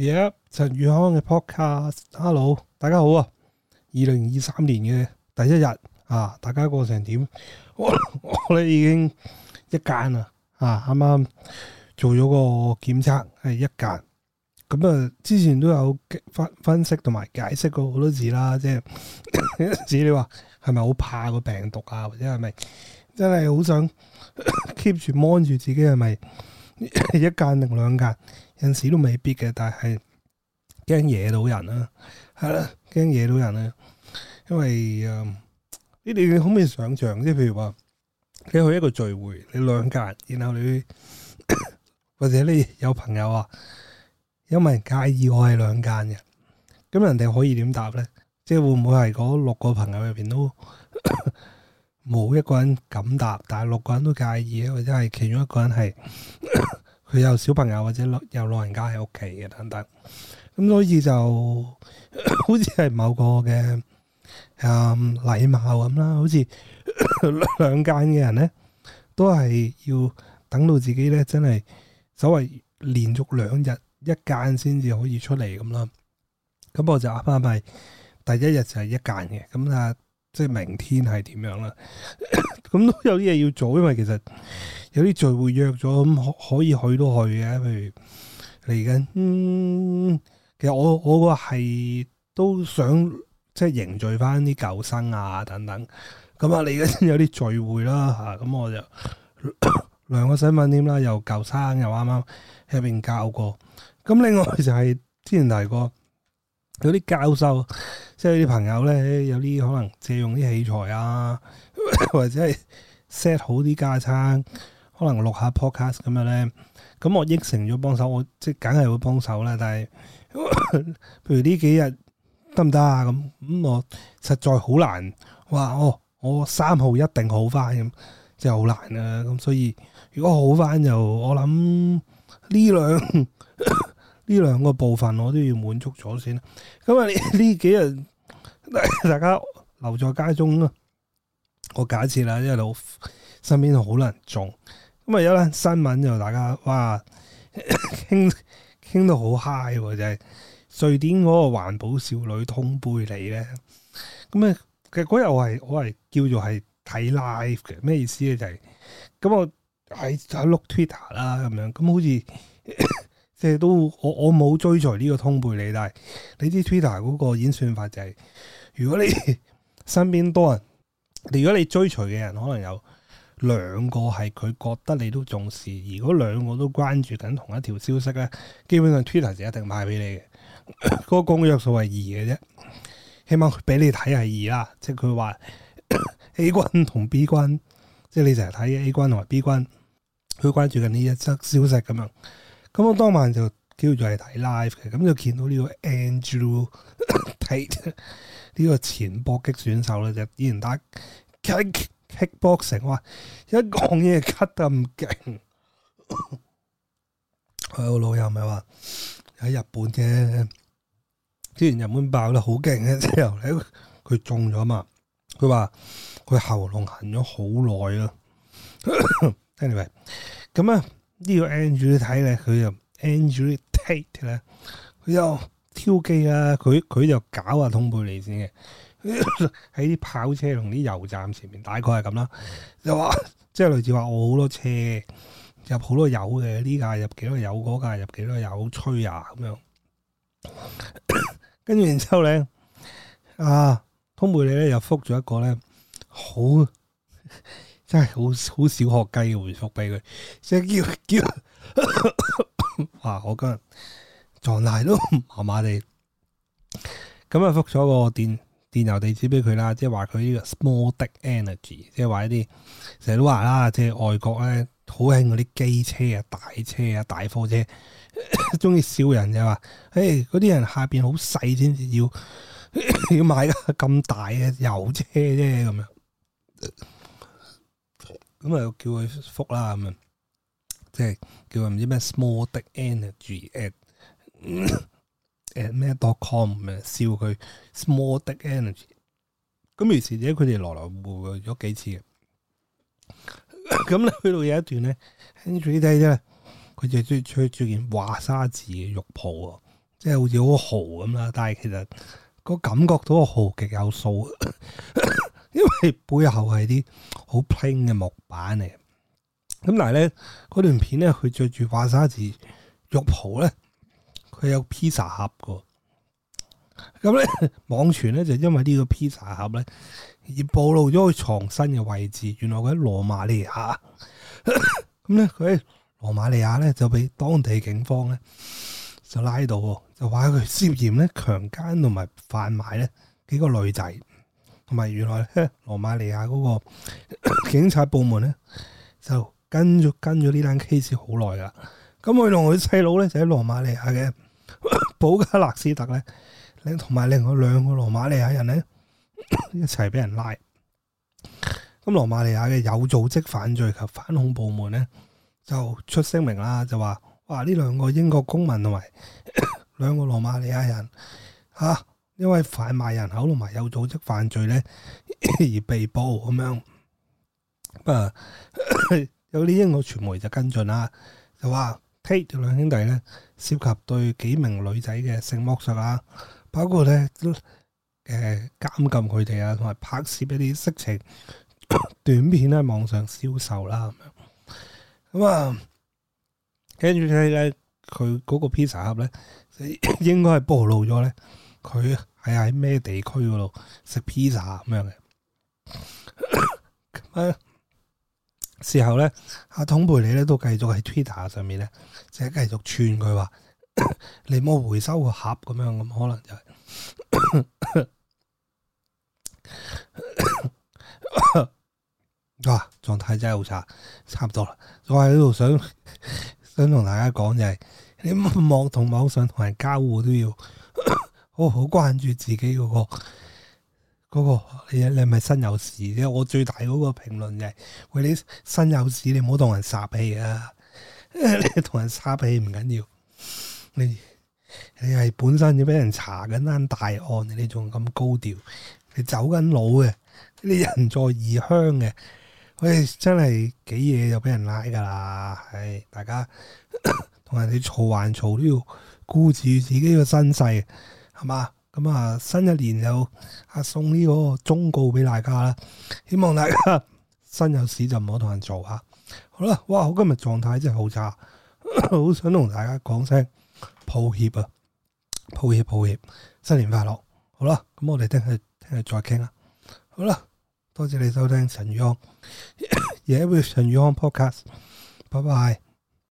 而家陳宇康嘅 podcast，hello，大家好啊！二零二三年嘅第一日啊，大家過成點？我我咧已經一間啦，啊啱啱做咗個檢測係一間，咁、嗯、啊之前都有分分析同埋解釋過好多次啦，即係你話，係咪好怕個病毒啊？或者係咪真係好想 keep 住 mon 住自己係咪 一間定兩間？有時都未必嘅，但係驚惹到人啦、啊，係啦，驚惹到人啦、啊，因為誒、嗯，你可唔可以想像，即係譬如話，你去一個聚會，你兩間，然後你 或者你有朋友啊，有冇人介意我係兩間嘅？咁人哋可以點答咧？即係會唔會係嗰六個朋友入邊都冇 一個人敢答，但係六個人都介意，啊，或者係其中一個人係？ 佢有小朋友或者有老人家喺屋企嘅等等，咁、嗯、所以就 好似係某個嘅嗯禮貌咁啦，好似 兩,兩間嘅人咧，都係要等到自己咧真係所謂連續兩日一間先至可以出嚟咁啦。咁、嗯、我就啱啱咪第一日就係一間嘅咁啊。嗯即係明天係點樣啦？咁都 有啲嘢要做，因為其實有啲聚會約咗，咁可以去都去嘅。譬如嚟緊、嗯，其實我我個係都想即係凝聚翻啲舊生啊等等。咁啊，嚟緊有啲聚會啦吓，咁我就 兩個新聞添啦，又舊生又啱啱喺邊教過。咁另外就係、是、之前提過有啲教授。即係啲朋友咧，有啲可能借用啲器材啊， 或者係 set 好啲架撐，可能錄下 podcast 咁樣咧。咁我應承咗幫手，我即係梗係會幫手啦。但係 譬如呢幾日得唔得啊？咁、嗯、咁我實在好難話哦，我三號一定好翻咁，即係好難啊。咁所以如果好翻就，我諗呢兩。 呢兩個部分我都要滿足咗先。咁啊呢呢幾日大家留在家中啊，我假設啦，因為我身邊好多人中。咁啊有呢新聞就大家哇，傾傾到好 high，就係瑞典嗰個環保少女通貝利咧。咁、那、啊、個，其實嗰日我係我係叫做係睇 live 嘅，咩意思咧？就係、是、咁我喺喺碌 Twitter 啦，咁樣咁好似。 即係都我我冇追隨呢個通背你，但係你知 Twitter 嗰個演算法就係、是、如果你身邊多人，如果你追隨嘅人可能有兩個係佢覺得你都重視，如果兩個都關注緊同一條消息咧，基本上 Twitter 就一定賣俾你嘅。嗰、 嗰個公約數係二嘅啫，希望俾你睇係二啦，即係佢話 A 君同 B 君，即係你成日睇 A 君同埋 B 君，佢關注緊呢一則消息咁樣。咁、嗯、我當晚就叫住去睇 live 嘅，咁、嗯、就見到呢個 Andrew Tate 呢個前搏擊選手咧，就依然打 kick boxing，我話一講嘢 c 咳得咁勁， 我老友咪話喺日本啫，之前日本爆得好勁嘅之後，佢中咗嘛，佢話佢喉嚨痕咗好耐啊 anyway，咁、嗯、啊。呢個 Andrew 睇咧，佢又 Andrew Tate 咧，佢又挑機啦，佢佢又搞下通貝利先嘅，喺啲跑車同啲油站前面，大概係咁啦，就話即係類似話我好多車入好多油嘅，呢架入幾多油，嗰架入幾多油，吹啊咁樣，跟住然之後咧，啊通貝利咧又覆咗一個咧好。真係好好小學雞嘅回覆俾佢，即係叫叫，哇！我今日狀態都麻麻地，咁啊，覆咗個電電郵地址俾佢啦，即係話佢呢個 small dick energy，即係話一啲成日都話啦，即係外國咧好興嗰啲機車啊、大車啊、大貨車，中意笑人就話，誒，嗰、欸、啲人下邊好細先至要要買咁大嘅油車啫，咁樣。咁啊，叫佢覆啦咁啊、嗯，即係叫佢唔知咩 small dick energy at at 咩 dot com 咩，笑佢 small dick energy。咁於是咧，佢哋來來回回咗幾次咁咧，去到有一段咧，你睇咧，佢就著著著件華沙字嘅浴袍啊，即係好似好豪咁啦，但係其實、個感覺到豪極有數 因為背後係啲好平嘅木板嚟，咁但係咧，嗰段片咧，佢着住化沙字浴袍咧，佢有披薩盒噶，咁、嗯、咧網傳咧就因為呢個披薩盒咧而暴露咗佢藏身嘅位置，原來佢喺羅馬尼亞，咁咧佢喺羅馬尼亞咧就俾當地警方咧就拉到，就話佢涉嫌咧強奸同埋販賣咧幾個女仔。同埋，原來咧羅馬尼亞嗰個 警察部門咧就跟咗跟咗呢單 case 好耐啦。咁佢同佢細佬咧就喺羅馬尼亞嘅 保加勒斯特咧，同埋另外兩個羅馬尼亞人咧 一齊俾人拉。咁羅馬尼亞嘅有組織犯罪及反恐部門咧就出聲明啦，就話：哇！呢兩個英國公民同埋 兩個羅馬尼亞人嚇。啊因為販賣人口同埋有組織犯罪咧 而被捕咁樣，咁啊 有啲英國傳媒就跟進啦，就話 Tate 兩兄弟咧涉及對幾名女仔嘅性剝削啦，包括咧都誒監禁佢哋啊，同埋拍攝一啲色情 短片喺網上銷售啦、啊、咁樣，咁啊跟住咧佢嗰個披薩盒咧 應該係暴露咗咧。佢係喺咩地區嗰度食 pizza 咁樣嘅咁 啊事後咧，阿統培你咧都繼續喺 Twitter 上面咧，就係繼續串佢話你冇回收個盒咁樣咁，可能就是、 啊狀態真係好差，差唔多啦。我喺度想想同大家講就係、是，你冇同網上同人交互都要。 我好、哦、關注自己嗰、那個、那個你你係咪身有屎啫？我最大嗰個評論就喂你身有屎，你唔好當人撒氣啊！你 同人撒氣唔緊要，你你係本身要俾人查緊單大案，你仲咁高調，你走緊路嘅，你人在異鄉嘅，喂、哎、真係幾嘢就俾人拉㗎喇！唉、哎，大家同 人哋嘈還嘈都要顧住自己嘅身世。係嘛？咁啊、嗯，新一年有阿、啊、送呢個忠告俾大家啦，希望大家身有屎就唔好同人做吓、啊。好啦，哇！我今日狀態真係好差，好 想同大家講聲抱歉啊，抱歉抱歉，新年快樂。好啦，咁我哋聽日聽日再傾啦。好啦，多謝你收聽陳宇安，夜會、 yeah, 陳宇安 podcast，拜拜。